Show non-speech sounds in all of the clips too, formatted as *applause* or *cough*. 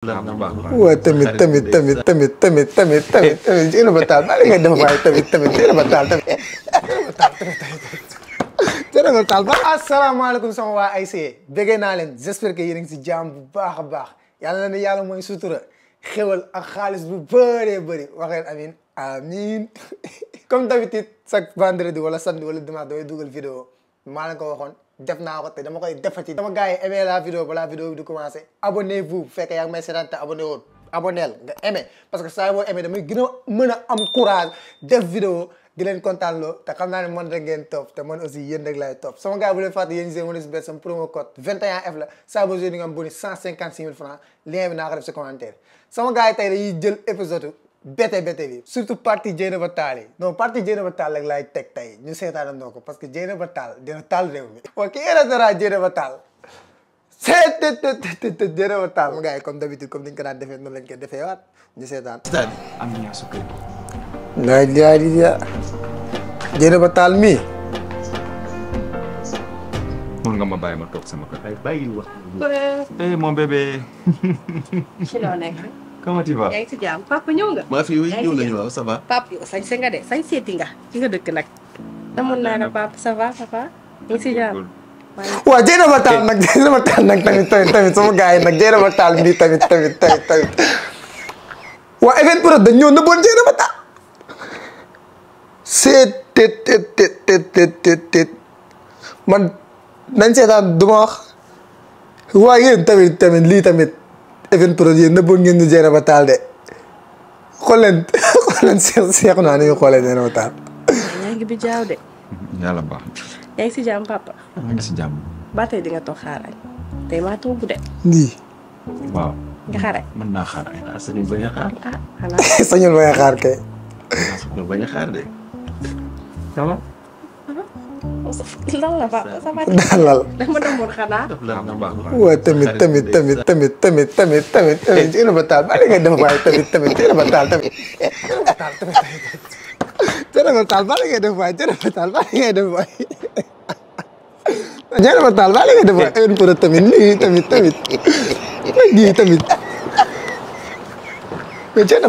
waaw tamit tamit tamit tamit tamit tamit tamit tamit ci Iba Tall bala ngay def waaye tamit tamit ci Iba Tall tamit ci Iba Tall ba asalaamaaleykum sama waa AICA béggee naa leen j'espère que yéen a ngi si jàmm bu baax a baax yàlla na ne yàlla mooy sutura xéwal ak xaalis bu bëree bëri waxeen amin amin *laughs* comme d'habitude chaque vendredi wala samedi wala dimanche damay dugal vidéo maa leen ko waxoon def naa ko te dama koy defati dama gars yi aimé la vidéo balaa vidéo bi di commencé abonnez-vous fekkee yaa ngi may seetaan te abonné woon abonneel nga aimé parce que saa boo aimé damay gën a mën a am courage def vidéo di leen kontaan loo te xam naa ne man rek ngeen topp te man aussi yéen rek laay topp sama gars bu leen fàtte yéen seen bonus benn sama promo code 21F la saa boo jëlee di nga am bonus 156 000 francs naa ko bete bete bi surtout parti Dieynaba Tall yi non parti Dieynaba Tall rek laay teg tey ñu seetaan seetaanandoo ko parce que Dieynaba Tall dina taal réew mi waaw ki ératera Dieynaba Tall seet Dieynaba Tall mu gars yi comme d'habitude comme ni ñu ko daan defee noonu lañ koy defee waat ñu seetaan ambiance kër laay laay li Dieynaba Tall mii mun nga ma bàyyi ma toog sama kër bàyyil wax eh, mon bébé *laughs* ci loo nekk comment tu vas papa ñëw nga. maa fi ñëw nañu waaw ça va. papa yow sañse nga de sañseeti nga ci nga dëkk nag. namoon naa la papa ça va papa ñu Wah si jàmm. waaw Dieynaba Tall nag Dieynaba Tall nag tamit tamit tamit sama gars nak nag Dieynaba Tall mii tamit tamit tamit tamit. waa Even Prod dañ ñëw nëbboon Dieynaba Tall. seet tet tet tet tet tet tet man nañ seetaan du ma wax. yéen tamit tamit lii tamit even produit na bungin *laughs* na jena batal de kolen kolen siya siya kuna ni kolen jena batal yang gibi jau de yala yang si jam papa yang si jam bate di nga tema kara te ma to bude ni Wow. nga kara mana kara asa ni banyak kara asa ni banyak kara ke asa ni banyak kara de Kalau lan la Pape Sabaty dalal dama namul xanaa waa tamit tamit tamit tamit tamit tamit tamit tamit ina ba taal bale ngay dem waaye tamit tamit ina ba taal tamit taal tamit jërë ba taal bale ngay def waaye jërë ba taal bale ngay def waaye jërë ba taal bale ngay def waaye une pour tamit lii tamit tamit lii tamit mais jërë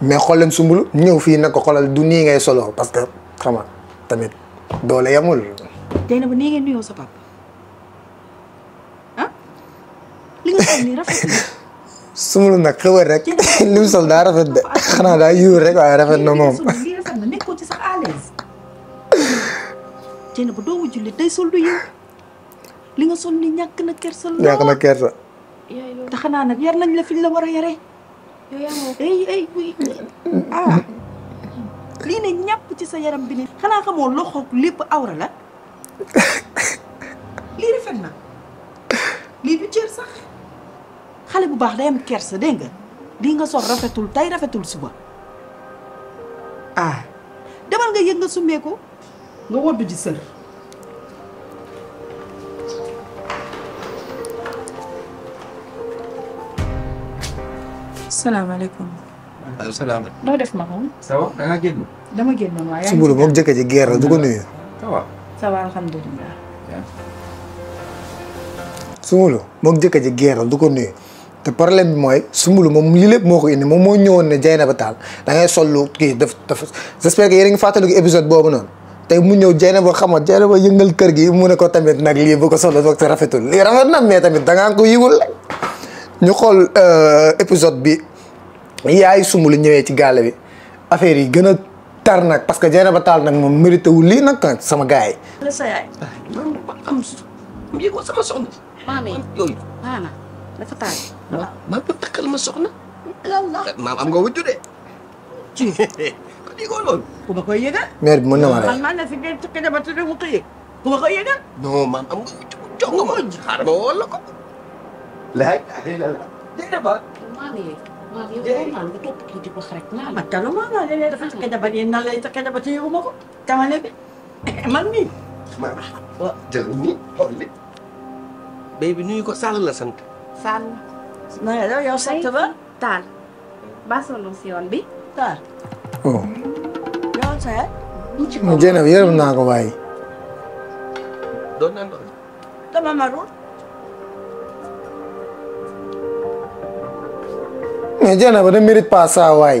mais xol len sumbul ñew fi nako xolal du ni ngay solo parce que xama tamit doole yamul deena bu ni ngay nuyo sa papa hein ah? li nga xam ni rafet sumul nak xewal rek lim sol da rafet de xana da yu rek way rafet na mom li nekko ci sax à l'aise bu do wu julli tay sol du yu li nga sol ni ñak na kersa ñak na kersa te xana nak yar nañ la fiñ la wara yaré yow yaa moom ne ñàpp ci sa yaram bi ni xanaa xamoo loxo lépp awra la lii rafet na lii du sax xale bu baax day am kersa dégg nga lii nga sol rafetul tey rafetul suba ah demal nga yëg nga summee ko nga woddu ji sër salaamaaleykum. salaam. noo def ma xam. ça va moom jëkkër ji geer la du ko nuyu. ça va. ça va ji geer la ko nuyu. te problème bi mooy moom li lépp moo ko indi moom moo ñëwoon ne Dieynaba Tall da ngay sollu kii def daf j'espère que yéen a ngi fàttaliku épisode boobu noonu tey mu ñëw Dieynaba xam nga Dieynaba yëngal kër gi mu ne ko tamit nag lii bu ko solo doog te rafetul lii rafet nag mais tamit da ngaa ko yëgul ñu xool euh, épisode bi yaay sumb la ñëwee ci gaale bi affaire yi gën a tar parce que ba Tall nag moom mérité wu lii nag sama gars yi. sa sama soxna. maam yi yooyu. takkal ma soxna. Eh, maam am nga wujju de. ci kon yëgoo ku ma koy yëgal. mère bi mën na ma man laaj lii la la. déedéet ba. maa ngi yegg maa ngi yegg maa ngi topp ma talu maa la léeg-léeg dafa ca jabar yi nan lay ca jabar te yëgu ma bi man mii. man waaw jël bi nuyu ko Sall la sant. Sall. ma ne la yow sant ba. Taal. si yoon bi. Taal. oh. yow Sall. mu ci kaw jërëjëf naa ko waaye. doon naa doon. dama marul. Jana na da mirit pasa wai.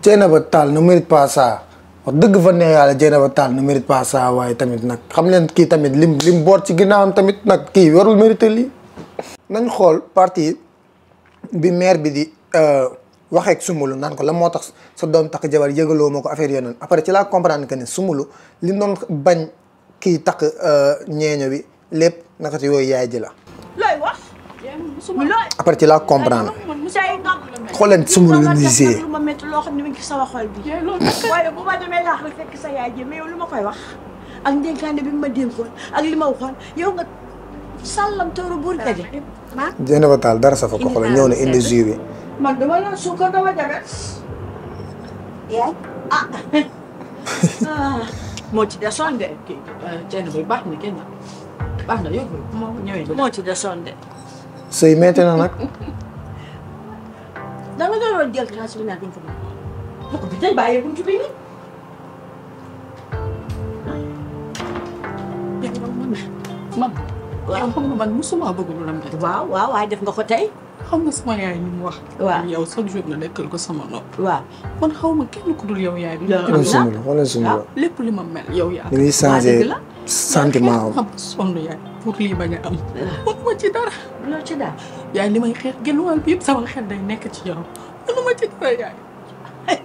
Jenaba tal numerit pasa. O dug van ne jena jenaba numirit numerit pasa wai tamit nak. Xamlen kita tamit lim lim si ci ginaawam tamit nak ki warul meritali. Nañ xol parti bi maire bi waxeek ak Soumboulou naan ko la moo tax sa doom takk jabar yëgaloo moo ko affaire yooyu noonu après ci laa comprendre que ne Soumboulou li doon bañ kii takk euh, ñeeño bi lépp naka ci yooyu yaay ji la. ci laa comprendre. xool leen Soumboulou lu muy gisee. loo xam ne mi ngi sama xol bi. ak ndénkaane bi ma dénkoon ak li ma waxoon yow nga sàllam tooru buur ka ji. Dieynaba Tall dara sa fa ko xoolal ñëw na indi jus まあ、でもな、そうかたまじゃがす。いや。あ。ああ。もちだそんで、き、じゃ、のばばにけんな。ばんだよく、もう、におい、もちだそんで。水面ってなな。ダメだろ、dia kelas minat itu. Mau kita eh, bayar pun cuma ini. Yang mana? Mam, lampung memang musuh mabuk belum dalam. Wow, wow, ada nggak kau tahu? xam nga sama yaay ni mu wax. waaw yow chaque jour nga nekkal ko sama nopp. waaw man xaw ma kenn ku dul yow yaay bi. yow sumb la wala sumb la ah, lépp li ma mel yow yaa. dañuy changé sentiment am sonn yaay pour lii bañ a am. waxuma ci dara. loo ci dara. yaay li may xeex genn wàll bi yëpp sama xel day nekk ci yow mënuma ci dara yaay. *laughs*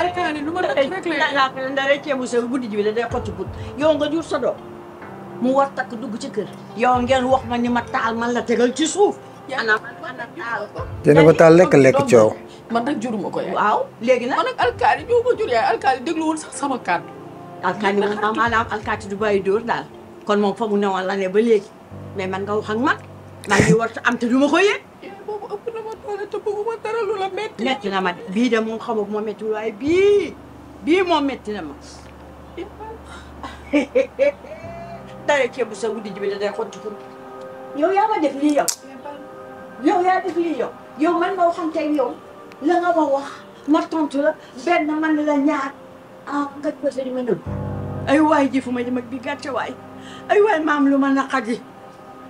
alkaani lu ma rek rek la yaay. ndax rek ceebu sa guddi ji bi la day xocc but yow nga jur sa doom mu war takk dugg ci kër. yow ngeen wax ma ni ma taal man la tegal ci suuf. te ne ko taal lekk lekk coow. man nag Anak alkali yaay. waaw léegi alkali man jur sax sama kàddu. Alkali moom maanaam alkaati du Dubai dur daal. kon mau faham mu newoon la ne ba léegi mais man nga wax ak man war am te du ya? ko ya, aku nama ëpp na ma doole te bëgguma dara lu la métti. métti na ma bii de moom xamoo moo métti waaye bii bii moom métti na ma. dara ceebu sa guddi ji da yow ya *laughs* yow yaa def lii yow yow man ma waxanteeg yow la nga ma wax ma tontu la benn man la ñaar ah nga ko di ma nëbb ay waay ji fu ma jëm ak bi gàcce waay ay waay maam lu ma naqadi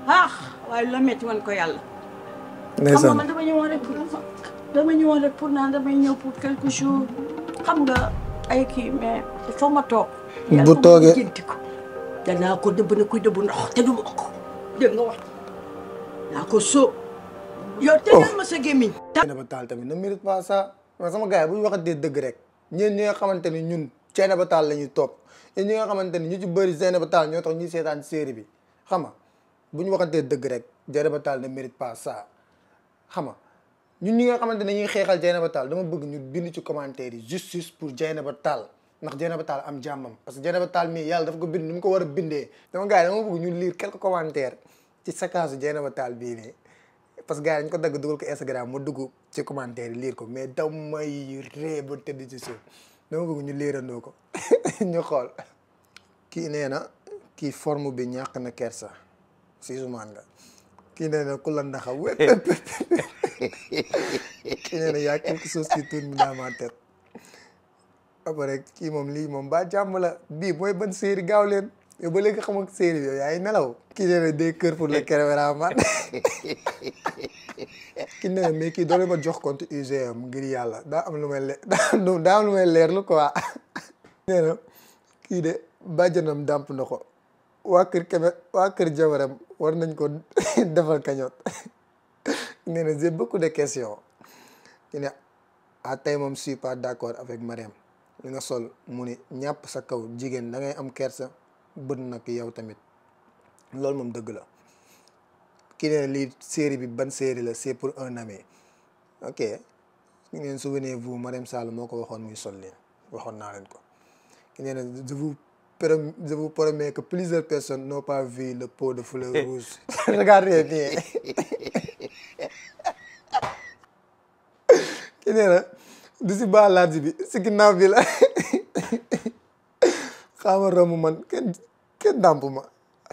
ah waaye la metti woon ko yàlla. ndeysaan xam nga man dama ñëwoon rek pour dama ñëwoon rek pour naan damay ñëw pour quelque chose xam nga ay kii mais il faut ma toog. bu toogee yàlla ko danaa ko dëbb na kuy dëbb ndox te du ma ko dégg nga wax naa ko soo. yow tëjal oh. ma sa gémmiñ. Thiénaba Tall tamit ne mérite pas ça sama gars bu ñu waxatee dëgg rek ñeen ñi nga xamante ni ñun Thiénaba Tall la ñuy topp ñeen ñi nga xamante ni ñu ci bëri Thiénaba Tall ñoo tax ñuy seetaan série bi xam nga bu ñu waxatee dëgg rek ba taal ne mérite pas ça xam nga ñun ñi nga xamante ne ñuy xeexal Thiénaba Tall dama bëgg ñu bind ci commentaire yi justice pour Thiénaba Tall ndax Thiénaba taal am jàmmam parce que Thiénaba taal mi yàlla dafa ko bind ni ko war a bindee dama gars yi dama bëgg ñu lire quelques commentaires ci séquence Thiénaba bii nii parce que gars yi dañ ko dagg dugal ko Instagram ma dugg ci commentaire yi ko mais damay ree ba tëdd ci suuf dama bëgg ñu liirandoo ko *laughs* ñu xool kii nee na kii forme bi ñàkk na kersa si sumaan kii nee na ku la ndaxa wépp *laughs* kii nee na yaa quelque chose qui tourne dans ma tête après kii moom lii moom ba jàmm la bii mooy ban séeri gaaw leen yow ba léegi xam ak séeréer yow yaa nelaw. kii nee na deux kër pour le cameraman *laughs* kii kii doole ma jox compte ngir yàlla daa am lu may leer daa am lu may leerlu quoi. *laughs* nee na kii de bàjjanam dàmp na ko waa kër keme waa kër jabaram war nañ ko *laughs* defal cagnotte nee na j'ai beaucoup de questions. kii ne ah tey moom je d'accord avec Mariam li nga sol mu ne ñàpp sa kaw jigéen da am kersa. C'est nag yow tamit dire. dëgg série c'est pour un ami ok souvenez-vous je vous promets vous que plusieurs personnes n'ont pas vu le pot de fleurs eh. rouges *laughs* regardez bien *laughs* du *laughs* xaama romb man kenn ma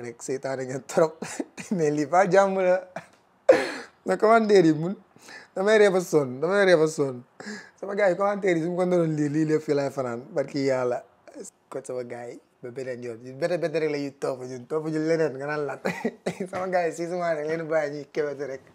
rek seytaane ngeen trop *laughs* mais lii ba jàmm la *laughs* na commentaire yi mun damay reeba sonn damay reeba sama gars yi commentaire yi su ma ko lii lii fi laay fanaan barki yàlla kon sama gars yi ba beneen yoon ñun bete bete rek la ñuy topp ñun leneen nga lat *laughs* sama gars yi si suma rek leen bàyyi ñuy rek